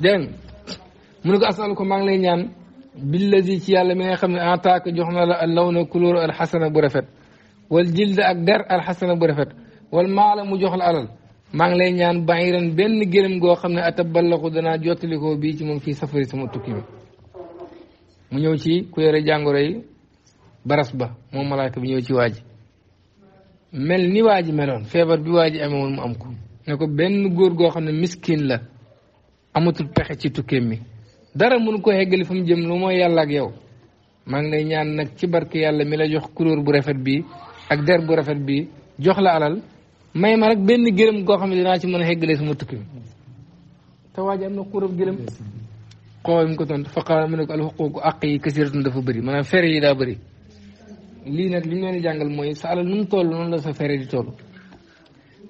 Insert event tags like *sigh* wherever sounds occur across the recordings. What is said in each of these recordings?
dégg mu ne ko asalu ko maa ngi lay ñaan billazi ci yàlla mi nga xam ne en tant que jox na la al law na couleur alxasana bu rafet wal jilda ak der alxasana bu rafet wal maala mu jox la alal maa ngi lay ñaan bayiran benn gërëm goo xam ne ataballaxu danaa jottalikoo bii ci moom fii safari sama tukki bi mu ñëw ci ku yore jàngoro yi baras ba moom malaaka bi ñëw ci waa ji mel ni waa ji meloon feebar bi waa ji amewoon mu am ko ne ko benn góor goo xam ne miskin la amatul pexe ci tukkeem mi dara mënu ko heggali fa mu jëm lu mooy yàlla ak yow maa ngi lay ñaan nag ci barke yàlla mi la jox couleur bu rafet bi ak der bu rafet bi jox la alal may ma rek benn gërëm koo xam ne dinaa ci mën a heggalee sama tukki mi te waa ji am na couleur gërëm ko tontu faqaala mu ne ko alxuquuqu àq yi kasiratun dafa bëri a fere yi daa bëri lii nag li ñu leen di jàngal mooy sa alal nu mu toll noonu la sa fere di toll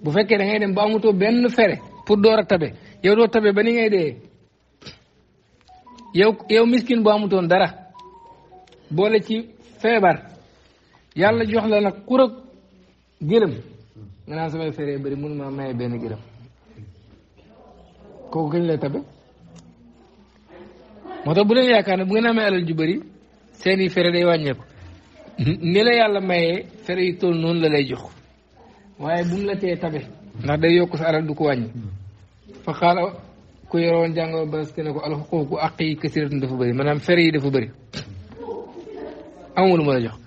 bu fekkee da dem ba amutoo benn fere pour door a tabe yow doo tabe ba ni ngay dee yow yow miskin bu amutoon dara boole ci feebar yàlla jox la nag kurak gërëm nga naan samay feree bëri mënu maa maye benn gërëm kooku kañ lay tabe moo tax bu leen yaakaar ne bu ngeen amee alal ju bëri seen i fere day wàññeeku ni la yàlla mayee fere yi toll noonu la lay jox waaye bu mu la tee tabe ndax day yokk sa alal du ko wàññi fa xaala ku yoroon jàngoro baski ne ko alxuquuqu àq yi kasiratun dafa bëri maanaam fer yi dafa bëri amul ma la jox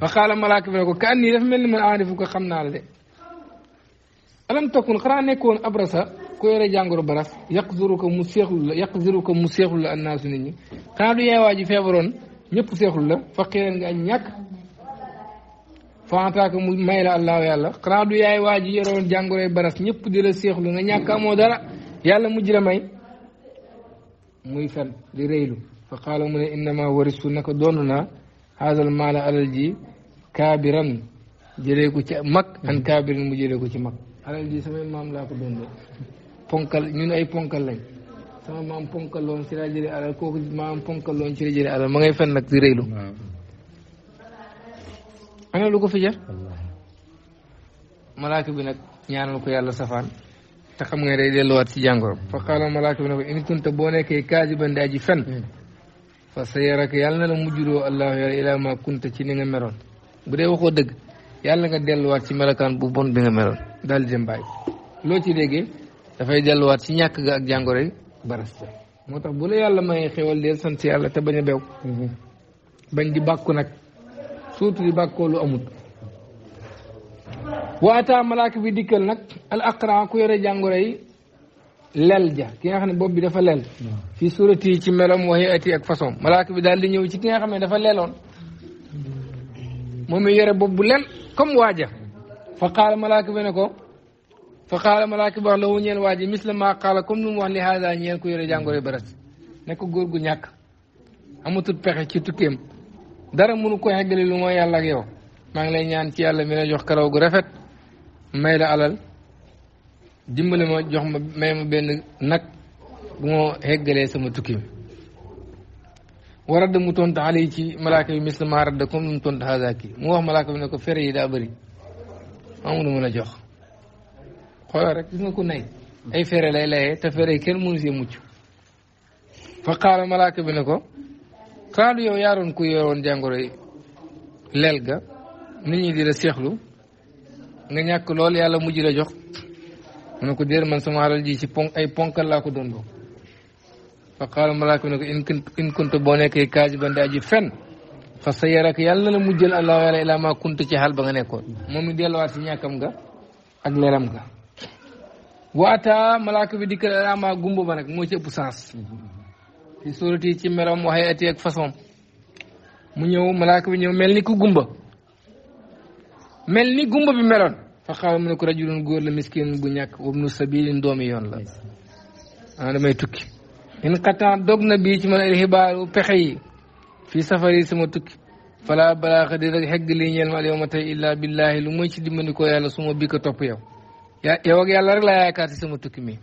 fa xaala malaaka bi ne ko kaan nii dafa mel ni man aarifu ko xam naa la de alam takun xanaa nekkoon abrasa ku yore jàngoro baras yaqzuru ko mu seexlu la yaqzuru mu seexlu la annaasu nit ñi xanaa du yaay waa feebaroon ñëpp seexlu la faqiran nga ñàkk faataaka mu may la allah yàlla xanaa du yaay waa ji jàngoroy baras ñëpp di la seexlu nga ñàkk amoo dara yàlla mu la may muy fen di rëylu fa qaala mu ne innama warisu naka doon naa haasal maala alal ji kaabiran jëlee ko ci mag an kaabiran mu jëlee ko ci mag alal ji samay maam laa ko doon ponkal ñun ay ponkal lañ sama maam ponkal loon ci laa jëlee alal kooku ci la jëlee alal ma ngay fen nag di rëylu ana lu ko fi jar malaaka bi nag ñaanal ko yàlla safaan te xam nga day delluwaat ci jàngoro fa qaala malaaka bi ne in kunta boo nekkee kaasiban di aji fen hmm. fa sa yaraka yàlla na la mujjuroo allahu yàlla ilaa ma kunta ci ni nga meroon bu dee waxoo dëgg yàlla nga delluwaat ci melokaan bu bon bi nga meloon daal di dem bàyyi loo ci léegi dafay delluwaat ci ñàkk ga ak jàngoro yi barasta moo tax bu la yàlla may xewal deel sant yàlla te bañ a bew hmm. bañ di surtout di bàkkoo lu amut waataa malaaka bi dikkal nag al aqra ku yore jàngoro yi lel ja ki nga xam ne bopp bi dafa lel fii surati ci melom waxee ati ak façon malaaka bi daal di ñëw ci ki nga xam ne dafa leloon moom mi yore bopp bu lel comme waaja fa qaala malaaka bi ne ko fa qaala malaaka bi wax la wu ñeen waaji misla maa qaala comme nu mu wax li haada ñeen ku yore jàngoro yi baras ne ko gu ñàkk amatul pexe ci tukkeem dara mënu ko xeggali lu mooy yàlla ak yow maa ngi lay ñaan ci yàlla mi la jox karaw gu rafet may la alal dimbale ma jox ma may ma benn nag bu ma xeggalee sama tukki warada mu tontu xale ci malaaka bi misla maa radda comme mu tontu wax malaaka bi ne ko fere yi daa bëri amul mu la jox xoolal rek gis nga ko nay ay fere lay layee te fere yi kenn mënu see mucc fa qaala malaaka bi ne ko xaalu yow yaa doon ku yoroon jàngoro yi leel ga nit ñi di la seexlu nga ñàkk lool yàlla mujj la jox mu ne ko déer man sama alal ci ponk ay ponkal laa ko doon doo fa xaalu malaaka ne ko in kunta boo nekkee kaasiban daa ji fen yarak yàlla la mujjal allah yàlla ilaa maa kunta ci nekkoon moom mi delluwaat si ñàkkam nga ak leeram nga waata maa gumba ba nag moo ci ëpp sens fi suurat yi ci meloom waxee ati ak façon mu ñëw malaaka bi ñëw mel ni ku gumba mel ni gumba bi meloon fa xaw mu ne ko rajulun góor la miskin bu ñàkk wabnu sabilin doomi yoon la ah damay tukki in xataa dog na bii ci man al xibaaru pexe yi fii safari sama tukki fala balaaxa di rek xegg lii ñeel ma al yawma tey illaa suma bi ko yaakaar si sama tukki mi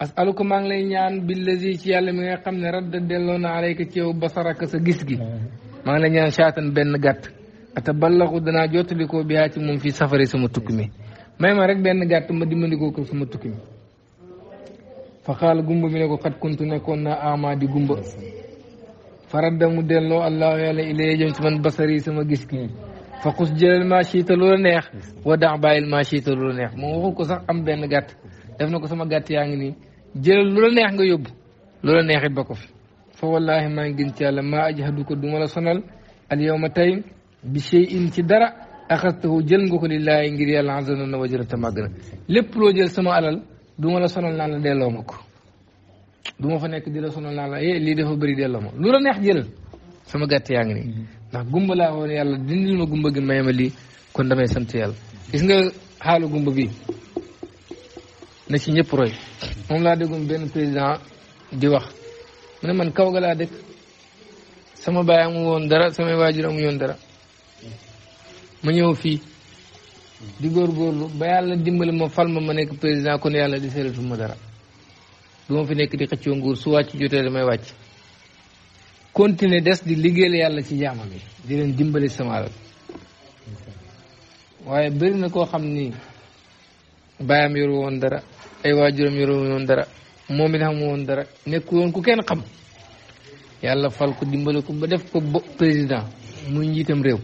asaluka maa ngi lay ñaan billazi ci yàlla mi nga xam ne radda delloo na alayka ci yow basaraka sa gis gi maa ngi lay ñaan saatan benn gàtt a ballaxu danaa jottalikoo bi yaa ci moom fii safari sama tukki mi may ma rek benn gàtt ma dimbandikoo ko sama tukki mi fa xaal gumba bi ne ko xat kuntu nekkoon naa ama di gumba fa radda mu delloo allahu yàlla ilay jëm si man basari sama gis gi hmm. fa xus jëlal maa siita la neex hmm. wa dax bàyyil ma siita lu sax am benn gàtt def na ko sama gàtt yaa ngi nii jëlal lu neex nga yóbbu lu neex neexit ba ko fi fa wallahi maa ngi gën ci yàlla maa ajhadu ko duma ma la sonal al yawma tey bi shay'in ci dara axastahu jël nga ko lillaahi ngir yàlla azza na wajëra ta màgg lépp loo jël sama alal du ma la sonal na la delloo ma ko du ma fa nekk di la sonal naan la eh lii de bëri delloo ma lu la neex jëlal sama gàtt yaa ngi mm-hmm. ndax gumba laa woon yàlla dindil ma gumba gi may ma lii kon damay sant yàlla gis nga xaalu gumba bi na ci ñëpp roy moom laa déggum benn président di wax mu ne man kaw ga laa dëkk sama baay amu woon dara samay waajur amu dara ma ñëw fii di góor góorgóorlu ba yàlla dimbali ma fal ma ma nekk président kon yàlla di seelatu ma dara du fi nekk di xëccoo nguur su wàcc jotee damay wàcc continuer des di liggéeyal yàlla ci jaamam yi di leen dimbali sama alal waaye bëri koo xam ni baayam yoru woon dara ay waajuram yoroo woon dara moom it xamu woon dara nekku woon ku kenn xam yàlla fal ko dimbale ko ba def ko bo président muy njiitam réew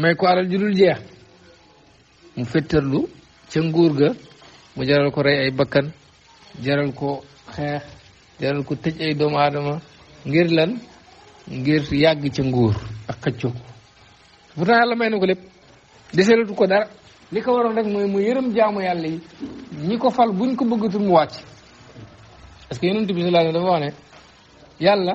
may ko alal ju jeex mu fettarlu ca nguur ga mu jaral ko rey ay bakkan jaral ko xeex jaral ko tëj ay doomu aadama ngir lan ngir yàgg ca nguur ak xëccoo pourtant yàlla may na ko lépp deseelatu ko dara li ko waroon rek mooy mu yërëm jaamu yàlla yi ñi ko fal buñ ko bëggatul mu wàcc parce que yonent bi sallallahu dafa wax ne yàlla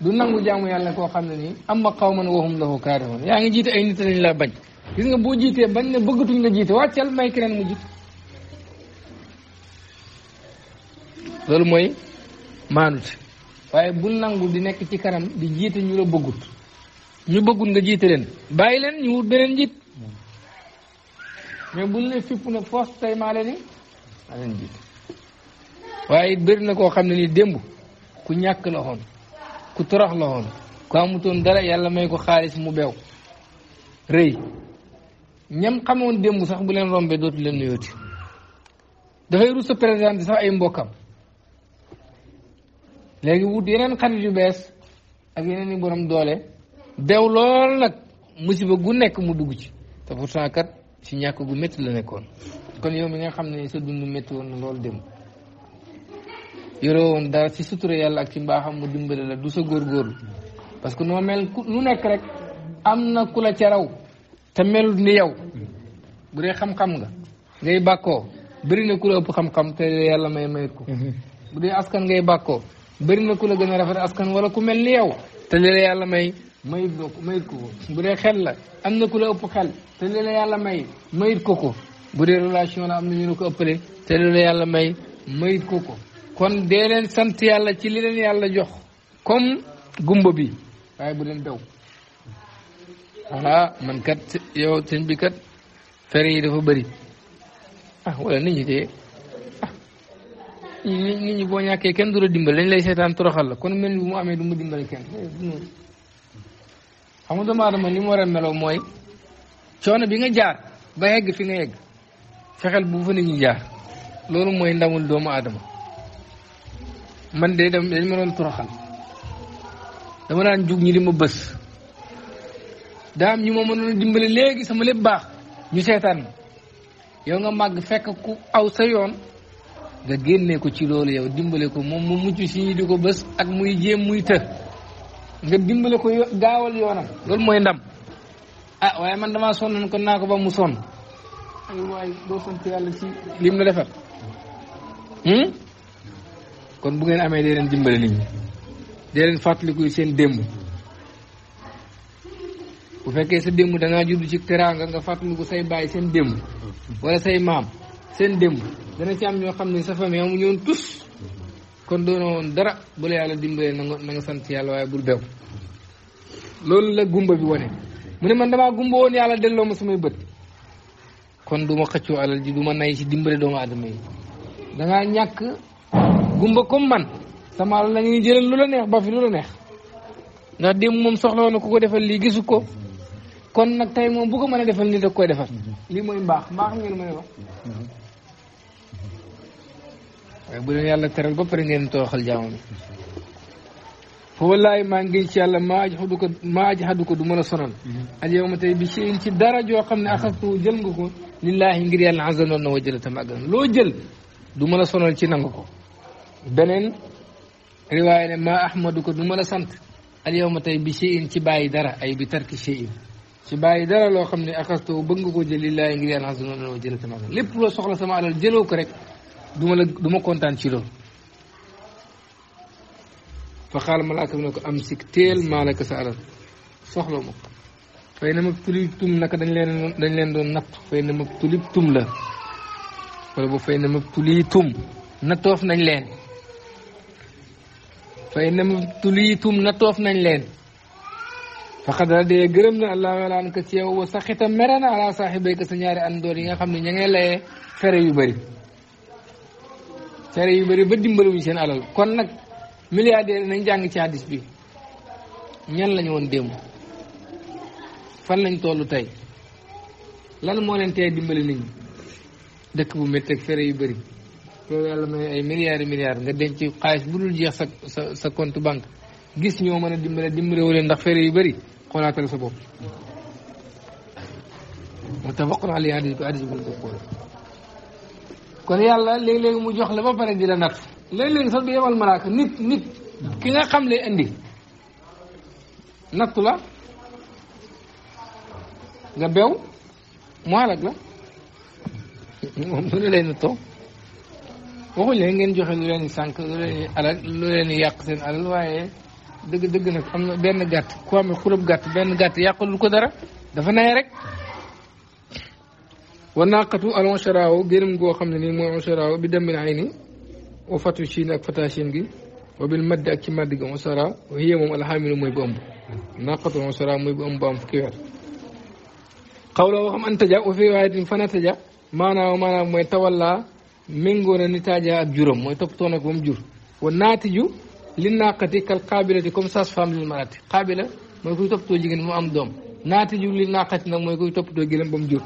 du nangu jaamu yàlla koo xam ne nii am amma qawman wa hum lahu kaarihuun yaa ngi jiite ay nit lañ laa bañ gis nga boo jiitee bañ ne bëggatuñ la jiite wàccal may keneen mu jiit mooy maanut waaye nangu di nekk ci kanam di jiite ñu la bëggut ñu nga jiite leen bàyyi leen ñu beneen jiit mais buñ ne fipp nag force tey maa ni waaye it bëri na koo xam ne ni démb ku ñàkk la ku torox la xoon ku amutoon dara yàlla may ko xaalis mu beew rëy ñam xamoon démb sax bu leen rombee dootu leen nuyooti dafay rus a présenté sax ay mbokkam léegi wut yeneen xarit yu bees ak yeneen i borom doole beew lool nag musiba gu nekk mu dugg ci te pourtant kat ci ñàkk gu métti la nekkoon kon yow mi nga xam ne sa dund métti woon na loolu dem yoroo woon dara ci sutura yàlla ak ci mbaaxam mu dimbale la du sa góorgóorlu parce que noo mel ku lu nekk rek am na ku la ca raw te melut ni yow bu dee xam-xam nga ngay bàkkoo bëri na ku la ëpp xam-xam te yàlla may mayut ko mhm. bu dee askan ngay bàkkoo bëri ku la gën a rafet askan wala ku mel ni yow te li yàlla may mayit boo ko mayit ko ko bu dee xel la am na ku la ëpp xel te li la yàlla may mayit ko ko bu dee relation la am na ñu ne ko yàlla may mayit ko ko kon dee leen sant yàlla ci li leen yàlla jox comme gumba bi waaye bu leen daw voilà man kat yow sëñ bi kat fer yi dafa bëri ah wala nit ñi de ah nit ñi boo ñàkkee kenn du la dimbal lañ lay seetaan toroxal la kon mel ni mu amee du mu dimbale kenn xam nga doomu aadama ni mu war a meloo mooy coono bi nga jaar ba yegg fi nga yegg fexeel bu fa nit ñi jaar loolu mooy ndamul doomu aadama man de dem dañ ma doon dama daan jug ñi di ma bës daam ñi ma mënoon dimbali léegi sama lépp baax ñu seetaan ma yow nga màgg fekk ku aw sa yoon nga génne ko ci loolu yow dimbale ko moom mu mucc si ñi di ko bës ak muy jéem muy të nga dimbale ko gaawal yoonam loolu mooy ndam ah waaye man damaa sonnoon kon naa ko ba mu sonn ay waay doo sant hmm? kon bu ngeen amee dee leen dimbale nit ñi dee leen seen démb bu fekkee sa démb da ngaa judd ci teraanga nga fàttaliku say baay seen démb wala say maam seen démb dana ci am ñoo xam ne sa famille amu ñoon tus kon doona woon dara bu yàlla dimbalee na nga sant yàlla waaye bul bew loolu la gumba bi wone mu ne man damaa gumba woon yàlla delloo ma samay bët kon duma ma xëccoo alal ji du ma nay si dimbale doomu aadama yi dangaa ñàkk gumba comme man sama alal la ngi jëlal lu la neex ba fi lu la neex ndax démb moom soxla woon na ku ko defal lii gisu ko kon nag tey moom bu ko mën a defal nii da koy defal lii mooy mbaax mbaax ngeen may wax waaye bu leen yàlla teral ba pare ngeen tooxal jaamam yi fa wallaahi maa ngi ci yàlla maa ajxadu ko maa ajxadu ko du mën a sonal mm-hmm. al yow ma tey bi ci ci dara joo xam ne axastu jël nga ko lillaahi ngir yàlla azza noonu na wa jëla tam àggan loo jël du mën a sonal ci nangu ko beneen riwaaya ne maa ahmadu ko du mën a sant al yow ma tey bi ci bàyyi dara ay bi tarki cheyin ci bàyyi dara loo xam ne axastu bëgg nga ko jël lillaahi ngir yàlla azza noonu na wa jëla tam àggan lépp loo soxla sama alal jëloo ko rek du ma la du ma kontaan ci loolu fa xaal malaaka bi ko am sik teel maalaka sa alal soxla ma fay na mag tum dañ leen dañ leen doon natt na mag tulib tum la wala bu fay na mag tulii tum nattoof nañ leen fay na mag tulii tum nattoof nañ leen faqad radee gërëm na allah wala an ka ci yow wa saxita mere na ala saaxibayka sa ñaari àndoor yi nga xam ne ña ngay layee fere yu bari tere yu bari ba dimbaluñu seen alal kon nag milliardaire nañ jàng ci hadis bi ñan lañu woon démb fan lañ toll tey lan moo leen tee dimbali nit ñi dëkk bu métti ak fere yu bari yow yàlla may ay milliards milliards nga denc xaalis bu dul jeex sa sa sa compte banque gis ñoo mën a dimbale dimbalewu leen ndax fere yu bari xoolaatal sa bopp. muttafaqun alayhi hadis bi hadis bu ñu ko kon yàlla léeg-léeg mu jox la ba pare di la natt léeg-léeg sax du yebal malaaka nit nit ki nga xam lay andi nattu la nga bew mu halak la moom lu ne lay nattoo waxuñ leen ngeen joxe lu leen sànq lu leen alal lu leen yàq seen alal waaye dëgg dëgg nag am na benn gàtt ku amee xurub gàtt benn gàtt yàqul lu ko dara wa naqatu al usharaw gënam goo xam ne nii mooy usharaw bi dembil ayni wa fatu chin ak fata chin gi wa bil madd ak ci madd gi usharaw wa hiya moom alxamilu mooy bu ëmb naqatu usharaw mooy bu ëmb am fukki weer xawla waxam an taja wa fi riwaayatin fana taja maanaam maanaam mooy tawalla méngoo na ni taaja ak juróom mooy toppatoo nag ba mu jur wa naatiju li naqati kal qaabilati comme sage-femme lil marati qaabila mooy kuy toppatoo jigéen mu am doom naatiju li naqati nag mooy kuy toppatoo gëlëm ba mu jur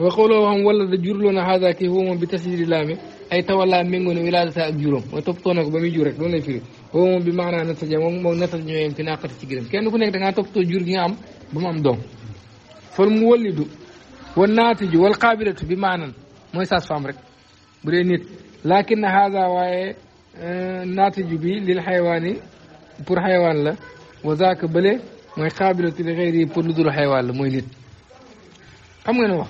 وقولوا هم ولد جرلون هذا كيف هو من بتسجد لامه أي تولى منهم ولادة أجرهم وتبطونك بمجورك دون يفير هو من بمعنى نسجة ونسجة يمتناقة تسجرهم كأنه كنك دعا تبطو جر جام بمام دون فالمولد والناتج والقابلة بمعنى ما يساس فامرك برينيت لكن هذا واي آه، ناتج بي للحيوان بور حيوان لا وذاك بلي ما قابلة لغيره بور لدور حيوان لا xam nga ne wax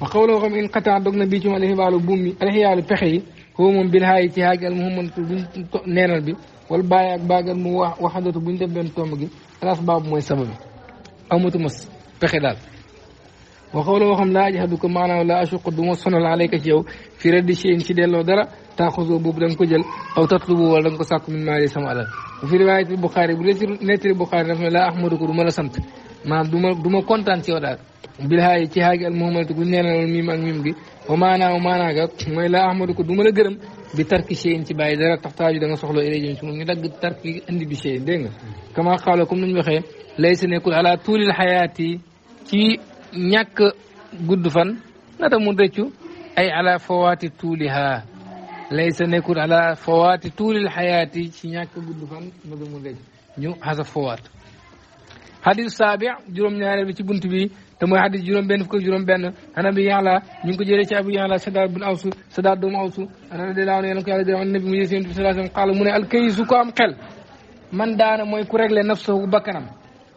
wax xawloo xam in xataa dog na bii ci moom alxibaalu buum yi alxiyaalu pexe yi xoo moom bil haayi ci haagi al muhammad buñ neenal bi wala bàyyi ak baagal mu wax waxandatu buñ def benn tomb gi alas baabu mooy sababi amatuma pexe daal wax xawloo xam laa ajhadu ko maanaam laa asuq du ma sonal alayka ci yow fi raddi cheyin ci delloo dara taaxusoo boobu da nga ko jël aw tatlubu wala da nga ko sàkku min maali sama alal bu fi riwaayati buxaari bu dee ci nettali buxaari daf ne laa ahmadu ko du ma la sant maa du ma du ma kontaan ci yow daal bilhaayi ci xaagi al muhammadati guñ nee na loolu gi wa maanaa wa mooy laa ahmadu du ma la gërëm bi tarki ci bàyyi dara taxtaaju da nga soxloo éréjin ci moom ñu dagg tarki indi bi cheyin dégg nga kama xaalo comme nañu waxee lay sa nekkul ala tuulil xayaati ci ñàkk gudd fan nata mu ay ala fawaati tuuliha lay sa nekkul ala fawaati tuulil xayaati ci ñàkk gudd fan nata mu dëcc fawaat xadis saabi juróom-ñaareel bi ci bunt bi te mooy xadis juróom-benn fukk juróom-benn xanaa bi yàlla ñu ngi ko jëlee ci abu yàlla sadaat bun awsu sadaat doomu awsu ana de laa ne ko yàlla dina nabi mu yéeseen bi sallallahu alayhi wa sallam mu ne alkayisu ko am xel man daana mooy ku réglé nafsahu bakkanam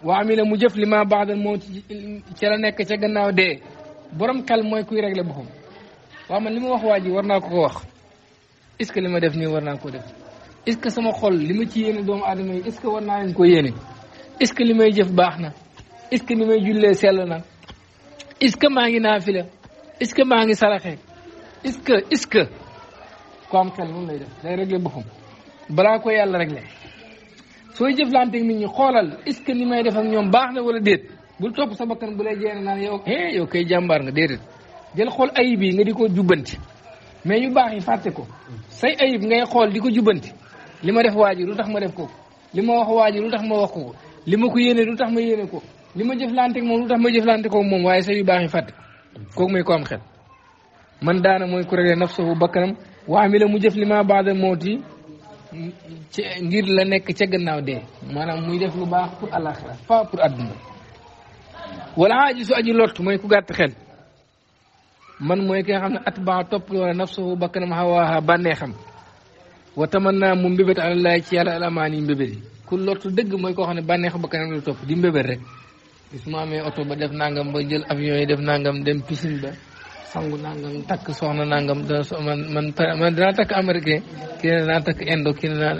wa amila mu jëf li ma baax moo ci ci la nekk ca gannaaw dee borom xel mooy kuy réglé boppam waaw man li ma wax waa ji war naa ko ko wax est ce que li ma def nii war naa ko def est ce que sama xol li ma ci yéene doomu aadama yi est ce que war naa leen ko yéene est-ce que li may jëf baax na est-ce may jullee sell na est-ce que maa ngi naafila est-ce que maa ngi saraxe est-ce que est-ce que ko am xel moom lay def balaa ko yàlla réglé sooy jëflanteeg nit ñi xoolal est-ce que li may def ak ñoom baax na wala déet bul topp sa bakkan bu lay jeene naan yow eh yow kay jàmbaar nga déedéet jël xool ayib yi nga di ko jubbanti mais yu baax yi fàtte ko say ayib ngay xool di ko jubbanti li ma def waa ji lu tax ma def ko li ma wax waa ji lu tax ma wax ko li ma ko yéene lu tax ma yéene ko lima ma jëflante moom lu tax ma ko moom waaye sa yu baax yi fàtte kooku mooy ko am xel man daana mooy ku régle nafsahu bakkanam waa mi la mu jëf li ma baada mooti ngir la nekk ca gannaaw dee maanaam muy def lu baax pour àlaxira pas pour adduna wala aaji su mooy ku gàtt xel man mooy ki nga xam ne at baa topp loola nafsahu bakkanam xawaaha bànnee xam wa naa mu mbébét àlalaa ci yàlla alamaan ku lottu dëgg mooy ko xam ne bànneexu ba kanam la topp di mbébét rek bis mu amee oto ba def nangam ba jël avion yi def nangam dem piscine ba sangu nangam takk soxna nangam dana so man man man danaa takk américain kii ne danaa takk indo kii ne naan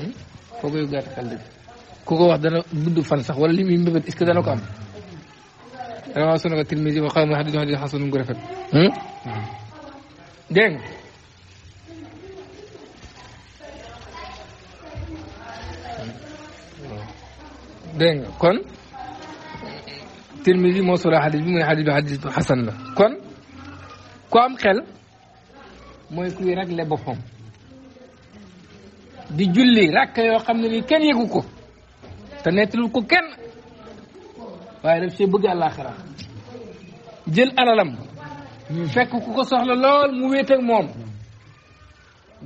hmm? kooku yu gàtt xel dëgg ku ko wax dana gudd fan sax wala li muy mbébét est que dana ko am rawa sunaka Tirmisi wa xaama xadis xadis xasanun gu rafet hmm? Hmm. dégg nga dégg nga kon Tirmisi moo solo xadis bi muy xadis bi xadis bu xasan la kon ku am xel mooy kuy ragle boppam di julli rakk yoo xam ne ni kenn yëgu ko te nettalul ko kenn waaye daf see bëgg àllaaxira jël alalam ñu fekk ku ko soxla lool mu wéet ak moom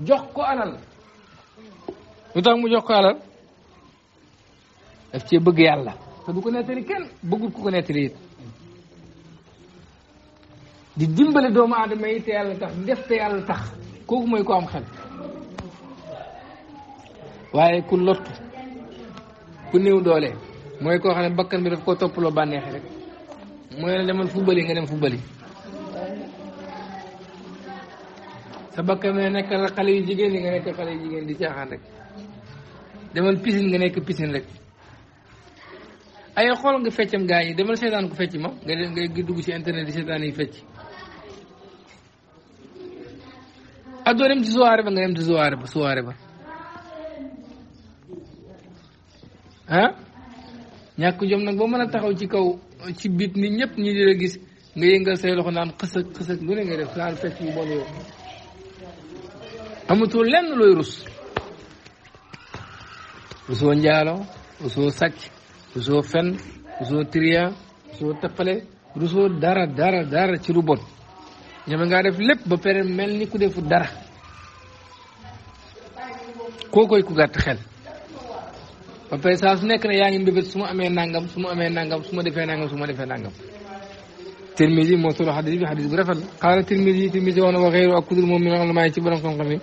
jox ko alal lu tax mu jox ko alal daf cee bëgg yàlla te du ko nettali kenn bëggul ku ko nettali it di dimbale doomu aadama yi te yàlla tax def te yàlla tax kooku mooy ko am xel waaye ku lottu ku néew doole mooy koo xam ne bakkan bi daf koo toppaloo bànneex rek mooy ne demal fubali nga dem fubali sa bakkan bi nekkal xale yu jigéen yi nga nekk xale yu jigéen di caaxaan rek demal piscine nga nekk piscine rek ay xool nga feccam gaa yi demal seetaan ko fecc ma nga dem ngay dugg ci internet di seetaan yi fecc ak doo dem ci soirée ba nga dem ci soirée ba soirée ba ah ñàkk jom nag boo mën a taxaw ci kaw ci biit nit ñëpp ñu di la gis nga yëngal say loxo naan xësëg xësëg lu ne ngay def naan fecc yu bon yow amatul lenn looy rus rusoo njaalo rusoo sàcc rusoo fen rusoo tria rusoo tappale rusoo dara dara dara ci lu bon ñeme ngaa def lépp ba pare mel ni ku defu dara kookoy ku gàtt xel ba pare saa su nekk ne yaa ngi mbébét su ma amee nangam su ma amee nangam su ma defee nangam su ma defee nangam tirmisi moo solo xadis bi xadis bu rafet la xaala tirmisi tirmisi wax na wa xeyru ak kudur moom a ngi may ci borom xam-xam yi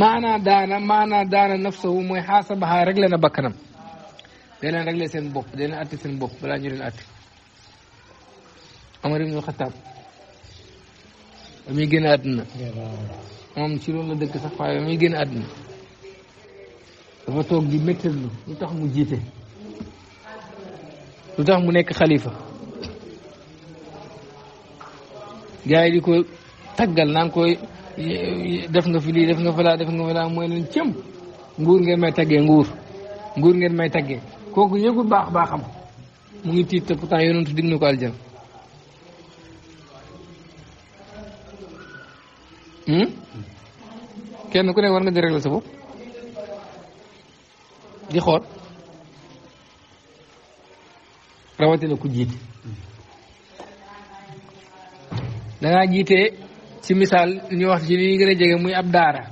maanaa daana maanaa daana nafsahu mooy xaasabahaa rek la na bakkanam danañ réglé seen bopp danañ àtte seen bopp balaa ñu leen àtte Omar ibnu Xataab ba génn àdduna moom ci loolu la dëkk sax waaye ba muy génn àdduna dafa toog di méttarlu lu tax mu jiite lu tax mu nekk xalifa gars yi di ko taggal naa ngi koy def nga fi lii def nga fa laa def nga fa laa mooy leen cëm nguur ngeen may taggee nguur nguur ngeen may taggee kooku yëgul baax baaxam mu ngi tiit te pourtant yonentu dig na ko aljana hmm? kenn ku ne war nga di régler sa bopp di xool rawatina ku jiite dangaa jiitee ci misaal ñu wax ci li gën a jege muy ab daara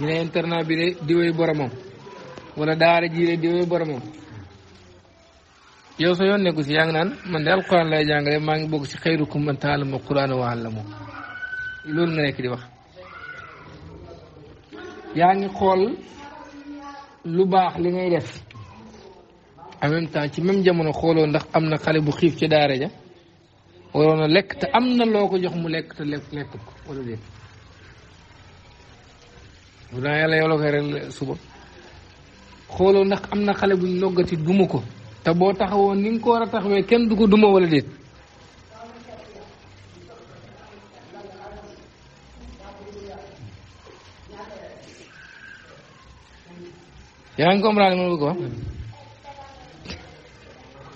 ñu ne bi de diwee boromam wala daara jii de diwee yow sa yoon nekku si yaa ngi naan man de lay jàngale maa ngi bokk si xayrukum man ta'allama alquran wa allama loolu nga nekk di wax yaa ngi xool lu baax li ngay def en même temps ci même jamono xooloo ndax am na xale bu xiif ci daara ja waroon a lekk te am na loo ko jox mu lekk te lekk lekk ko wala déet bu daa yàlla yow la koy rek suba xooloo ndax am na xale buñ noggati duma ko te boo taxawoon ni ko war a taxawee kenn du ko duma wala déet yaa ngi comprendre moom ko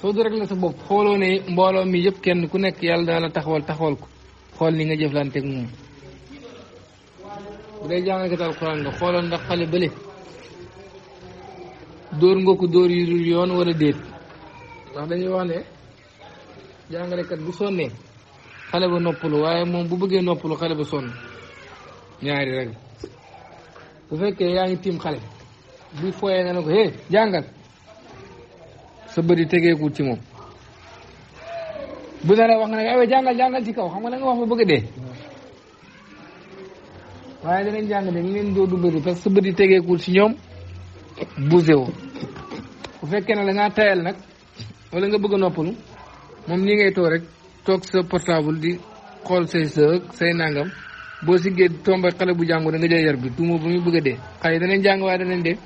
soo du rek la sa bopp xooloo ne mbooloo mi yëpp kenn ku nekk yàlla daal la taxawal taxawal ko xool ni nga jëflanteeg moom bu dee jàngalekat alquran nga xoolal ndax xale bële dóor nga dóor yu yoon war a déet ndax dañuy wax ne jàngalekat bu sonnee xale ba noppalu waaye moom bu bëggee noppalu xale ba sonn ñaari rek bu fekkee yaa ngi tiim xale bu fooyee nga ne ko hé jàngal sa bëri tegeekul ci moom bu dara wax nga ne aywa jàngal jàngal ci kaw xam nga da nga wax ba bëgg a dee. waaye danañ jàng ne ñu ngeen doo du bëri parce que sa bëri tegeekul si ñoom bougé woo bu fekkee ne da tayal nag wala nga bëgg a noppalu moom nii ngay toog rek toog sa portable di xool say sëg say nangam boo siggee tombé xale bu jàngu da nga jël bi tuuma ba muy bëgg a dee xale danañ jàng waaye danañ dee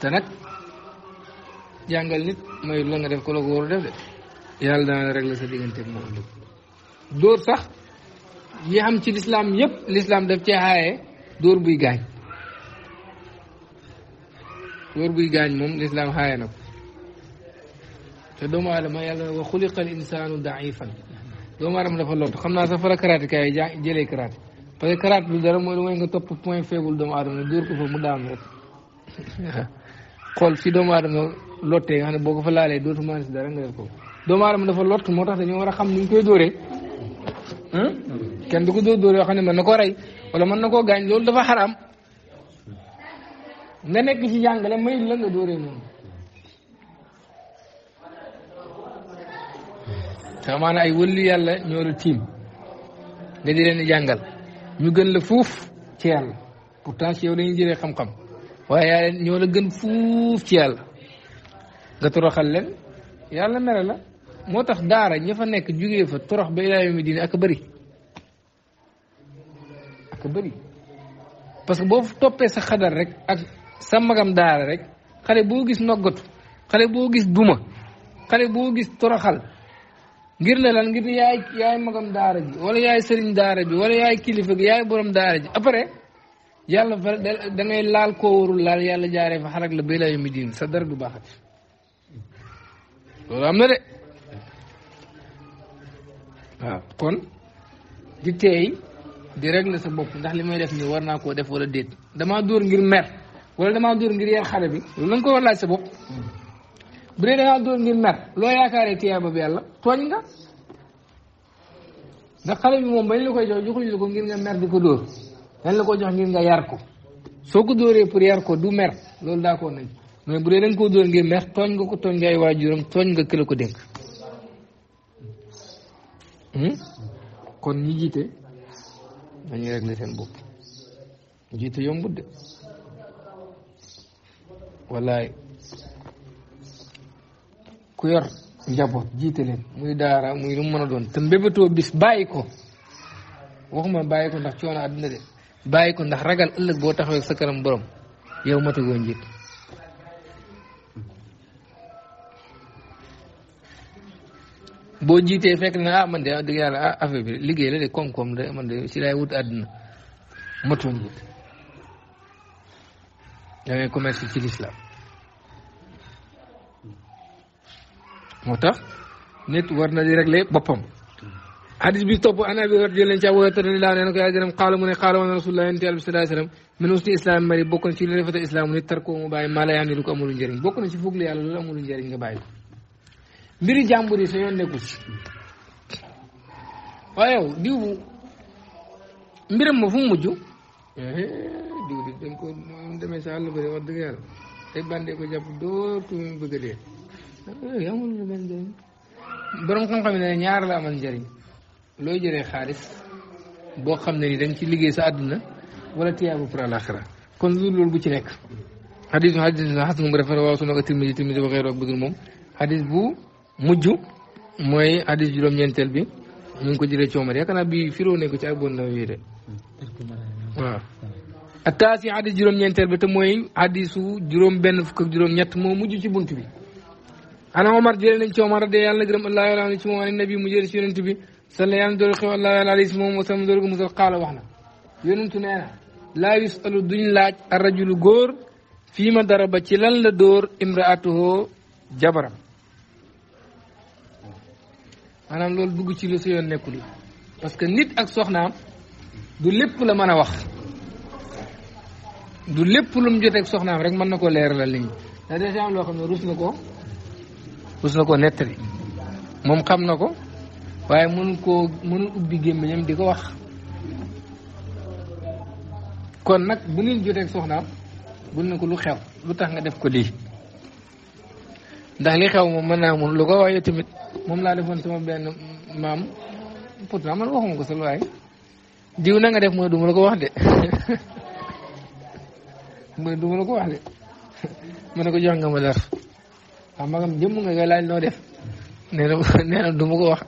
te nag jàngal nit mooy la nga def ko la ko war a def de yàlla dana la sa diggante moom dóor sax yi am ci lislaam yëpp lislaam def ci aaye dóor buy gaañ dóor buy gaañ moom lislaam aaye na ko te doomu aadama yàlla wa xuliqa al insaanu daifan doomu aadama dafa lot xam naa sax fara karaté kaay jëlee karaté que karaté du dara mooy lu may nga topp point faible doomu ko fa mu daanu xool fi doomu aadama lottee nga xam ko dafa lot moo tax dañoo war a xam ni ñu koy dóoree Hmm? Hmm. kenn du ko dóor yoo xam ne mën na koo rey wala mën na koo gaañ loolu dafa xaraam nga nekk ci jàngale may la nga dóoree noonu te ay wëllu yàlla ñoo la tiim nga di leen di jàngal ñu gën la fuuf ci yàlla pourtant ci yow dañuy jëlee xam-xam waaye yàlla ñoo la gën fuuf ci yàlla nga toroxal leen yàlla mere la moo tax daara ña fa nekk jugee fa torox ba ilaa yawmi diin ak bëri ak parce que boo toppee sa xadar rek ak sa magam daara rek xale boo gis noggatu xale boo gis duma xale boo gis toroxal ngir ne lan ngir yaay yaay magam daara ji wala yaay sëriñ daara bi wala yaay kilifa gi yaay borom daara ji après yàlla fa da laal koo warul laal yàlla jaaree fa xarak la ba ilaa yawmi sa dara du baaxati am na de. waaw kon di teey di régler sa bopp ndax li may def nii war naa koo def walla déet damaa dóor ngir mer wala damaa dóor ngir yar xale bi loolu da nga ko war laaj sa bopp bu dee dangaa dóor ngir mer loo yaakaaree tiyaaba bi yàlla tooñ bi moom bañ la koy jox joxuñ ko ngir nga mer di ko dóor dañ la ko jox ngir nga yar ko soo ko dóoree pour yar ko du mer loolu daa koo nañ mais bu dee da koo dóor ngir mer tooñ nga ko tooñ ngay waajuram tooñ nga këla ko dénk Hmm? kon ñi jiite dañuy réglé seen bopp jiite yombut de wallaay ku yor njaboot jiite leen muy daara muy lu mu mën a doon te mbébétoo bis bàyyi ko waxuma bàyyi ko ndax coono àddina de bàyyi ko ndax ragal ëllëg boo taxawee sa kanam borom yow matagoo njiit boo jiitee fekk na ah man de dëgg yàlla ah affaire bi liggéey la de koom-koom de man de wut àdduna matuma njiit da ngay commerce ci lislaam moo tax nit war na di régler boppam hadis bi topp ana islam mari bokk na ci li rafet islaam ni du ko amul njëriñ bokk na ci fugli yàlla loolu amul nga bàyyi mbiri jàmbur yi sa yoon nekkul si waaye yow diw mbiram ma fu mu mujj eh, diw di dañ ko demee sa àll bëri wax dëgg yàlla te bandee ko jàpp dootu mu bëgg a dee eh, yooyu amul lu mel xam ne ñaar la amal njëriñ looy jëlee xaalis boo xam ne ni dañ nga ci liggéey sa àdduna wala tiyaabu pour alaxira kon loolu bu ci nekk xadis xadis xas mu mu refere waaw su nag a tirmisi tirmisi waxee roog budul moom xadis bu mujj mooy hadis juróom-ñeenteel bi ñu ngi ko jëlee ci Omar yaakaar naa bii firoo ne ko ci Abu Nawawi de waaw attaasi hadis juróom-ñeenteel bi te mooy hadisu juróom-benn fukk ak juróom-ñett moo mujj ci bunt bi. ana Omar jëlee nañ ci Omar de yàlla na gërëm allah yàlla na ci moom an nabi mu jëlee ci yonent bi salla yàlla doolu xew allah yàlla alayhi moom wasalaam doolu ko musal xaala wax na yonentu nee na laa yusalu duñ laaj arrajulu góor fii ma dara ba ci lan la dóor imraatuhoo jabaram maanaam loolu bugg ci lu sa yoon nekkul parce que nit ak soxnaam du lépp la mën a wax du lépp lu mu joteeg soxnaam rek mën na ko leeralal li ñu da dèjà am loo xam ne rus na ko rus na ko nettali moom xam na ko waaye mënu koo mënu ubbi gémmiñam di ko wax kon nag bu nit joteeg soxnaam bul na ko lu xew lu tax nga def ko lii ndax li xew moom mën naa mun lu ko waaye tamit moom laa defoon sama benn maam pourtant man waxuma ko sa waaye diw na nga def mooy du ma la ko wax de *laughs* mooy du ma la ko wax de *laughs* ma ne ko jox nga ma dara waaw magam laaj noo def nee na *laughs* nee na du ma ko wax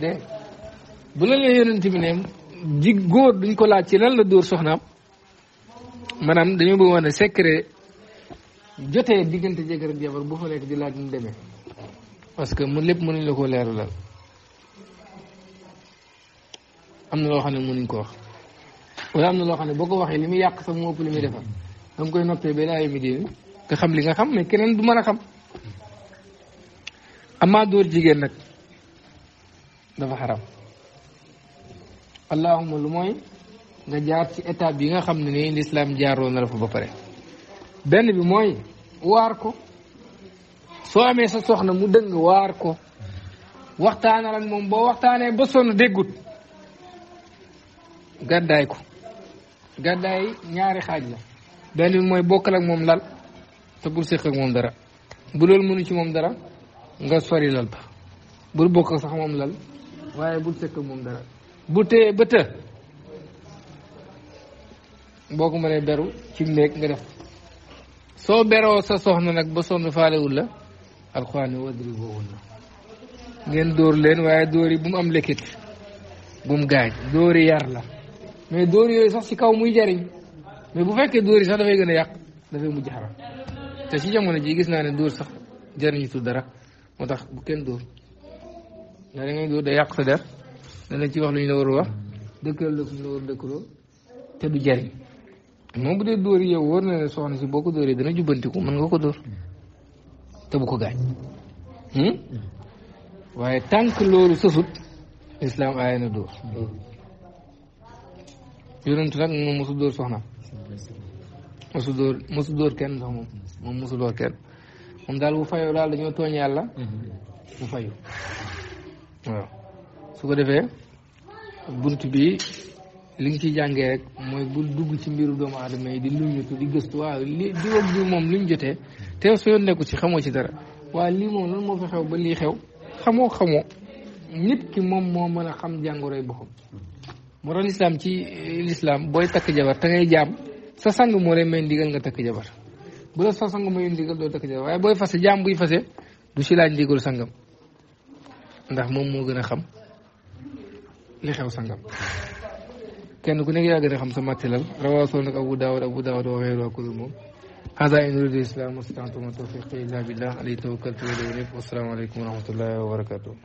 dégg bu la lee yonent bi ne ji góor duñ ko laaj ci lan la dóor soxnaam maanaam dañoo bëgg wax ne secret jotee diggante jëkkër ak jabar bu fa nekk di laaj mu demee parce que mu lépp mënuñ la koo leeralal am na loo xam ne mënuñ ko wax wala am na loo xam ne boo ko waxee li muy yàq sax mu ëpp li muy defar danga koy noppee ba laa nga xam li nga xam mais keneen du mën a xam amaa dóor jigéen nag dafa xaram allahuma lu mooy nga jaar ci étape yi nga xam ne nii lislaam jaaroo na fa ba pare benn bi mooy waar ko soo amee sa soxna mu dëng waar ko waxtaanal ak moom boo waxtaanee ba sonn déggut gàddaay ko gàddaay ñaari xaaj la benn bi mooy bokkal ak moom lal te bul séq ak moom dara bu loolu mënu ci moom dara nga sori lal ba bul bokk sax moom lal waaye bul séq ak moom dara bu téye ba boo ko mënee beru ci néeg nga def soo beroo sa soxna nag ba sonn faalewul la alxuraan ne wadribuhunna ngeen dóor leen waaye dóor yi bu mu am lékkit bu mu gaañ dóor yi yar la mais dóor yooyu sax ci kaw muy jariñ mais bu fekkee dóor yi sax dafay gën a yàq dafay mujj te ci jamono ji gis naa ne dóor sax jariñutul dara moo tax bu kenn dóor nga da ngay dóor day yàq sa der danañ ci wax lu ñu la war wax dëkkal la fu ñu la war a dëkkaloo te du jariñ moom bu dee dóor yi yow wóor na ne soxna si boo ko dóoree dana jubbantiku mën nga ko dóor te bu ko gaañ hmm? waaye tànk loolu sësut lislaam aaye na dóor yonentu nag moom mosu dóor soxna mosu dóor mosu dóor kenn sax moom moom mosu dóor kenn moom daal bu fayoo daal dañoo tooñ yàlla bu fayu su ko defee bunt bi li ngi ci jàngee rek mooy bul dugg ci mbiru doomu aadama yi di luñutu di gëstu waaw di wag bi moom luñ jotee teew soo nekku ci xamoo ci dara waaye lii moom lan moo fi xew ba lii xew xamoo xamoo nit ki moom moo mën a xam jàngoroy boppam moo tax lislaam ci lislaam booy takk jabar te ngay jaam sa sang moo lay may ndigal nga takk jabar bu la sa sang mayu ndigal doo takk jabar waaye booy fase jaam buy fase du si laaj ndigal sangam moom moo gën a xam li xew sangam kenn ku nekk yaa gën a xam sa mattilal rawaasoo nag abu daawud abu daawud waxee waa kulu moom هذا إن يريد الإسلام واستعنت وما توفيقي إلا بالله عليه توكلت وإليه والسلام عليكم ورحمة الله وبركاته